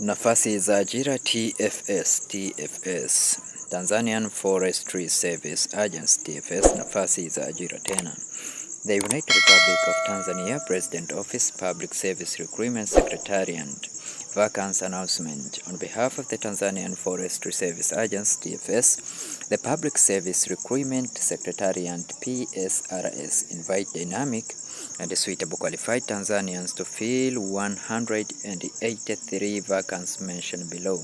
Nafasi za ajira TFS, TFS Tanzanian Forestry Service Agency TFS. Nafasi za ajira tena. The United Republic of Tanzania President Office Public Service Recruitment Secretariat Vacancy announcement. On behalf of the Tanzanian Forestry Service Agency TFS, the Public Service Recruitment Secretariat PSRS invite dynamic and suitable qualified Tanzanians to fill 183 vacancies mentioned below.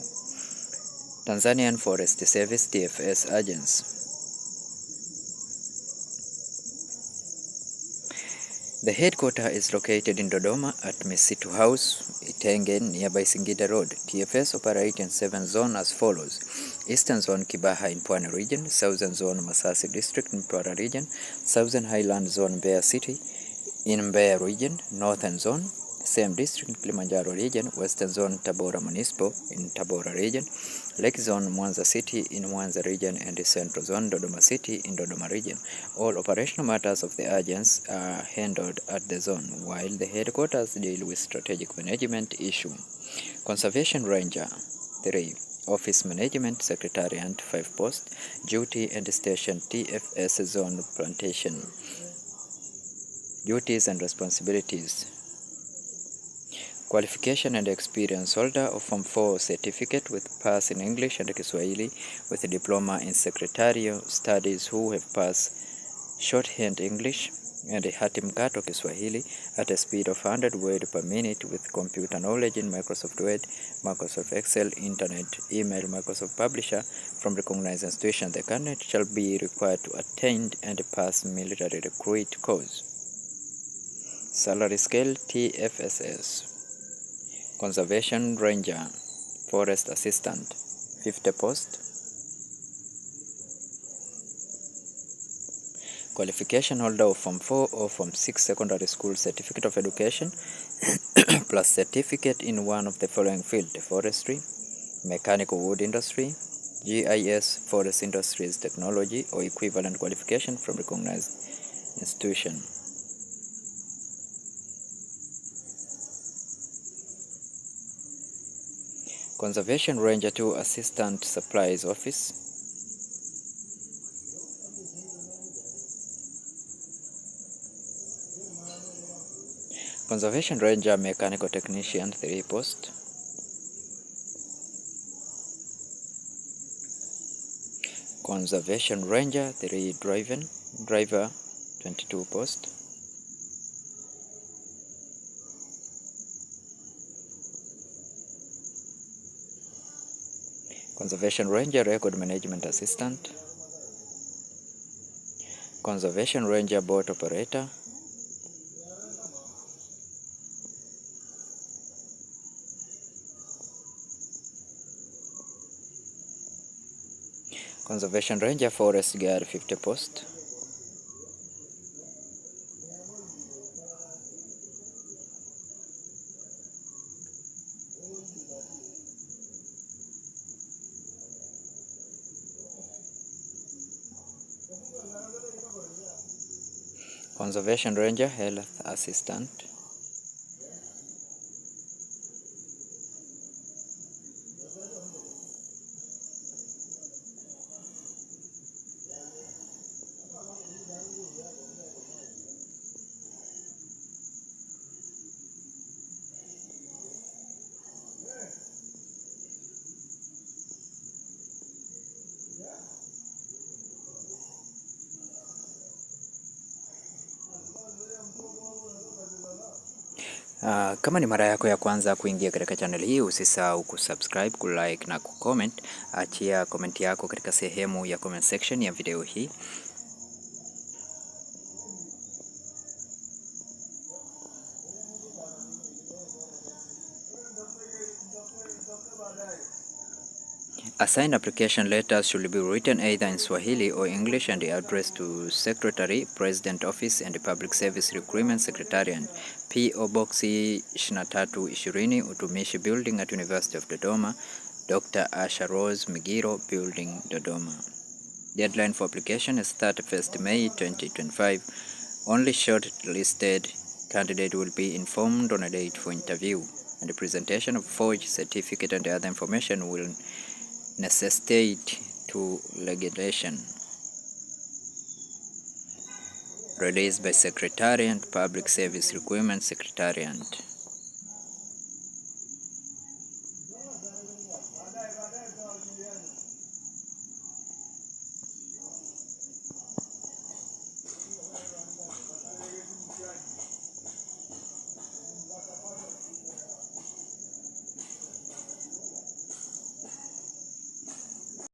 Tanzanian Forest Service TFS agents. The headquarter is located in Dodoma at Misitu House, Itenge, nearby Singida Road. TFS operate in seven zones as follows. Eastern Zone Kibaha in Pwani Region, Southern Zone Masasi District in Mtwara Region, Southern Highland Zone Bear City, in Mbeya region, Northern Zone, same district Kilimanjaro region, Western Zone Tabora Municipal in Tabora region, Lake Zone Mwanza City in Mwanza region and Central Zone Dodoma City in Dodoma region. All operational matters of the agents are handled at the zone while the headquarters deal with strategic management issue. Conservation Ranger 3 Office Management Secretariat 5 Post Duty and Station TFS Zone Plantation Duties and responsibilities. Qualification and experience. Holder of Form 4 certificate with pass in English and Kiswahili with a diploma in secretarial studies who have passed shorthand English and hati mkato Kiswahili at a speed of 100 word per minute with computer knowledge in Microsoft Word, Microsoft Excel, Internet, email, Microsoft Publisher from recognized institution. The candidate shall be required to attend and pass military recruit course. Salary Scale TFSS Conservation Ranger Forest Assistant 50 post Qualification holder of Form 4 or Form 6 Secondary School Certificate of Education plus certificate in one of the following field forestry, mechanical wood industry, GIS forest industries technology or equivalent qualification from recognized institution. Conservation Ranger to Assistant Supplies Office. Conservation Ranger Mechanical Technician 3 post. Conservation Ranger 3 driven driver 22 post. Conservation Ranger Record Management Assistant, Conservation Ranger Boat Operator, Conservation Ranger Forest Guard 50 Post conservation ranger, health assistant Uh, kama ni mara yako ya kwanza kuingia katika channel hii usisahau kusubscribe, kulike na kucomment. Achia comment yako katika sehemu ya comment section ya video hii. Assigned application letters should be written either in Swahili or English and addressed to Secretary, President Office and Public Service Recruitment Secretariat, PO Box 2320 Utumishi Building at University of Dodoma, Dr. Asha Rose Migiro Building, Dodoma. Deadline for application is 31st May 2025. Only shortlisted candidate will be informed on a date for interview, and the presentation of forged certificate and other information will necessitate to legislation released by Secretariat, Public Service Requirements Secretariat.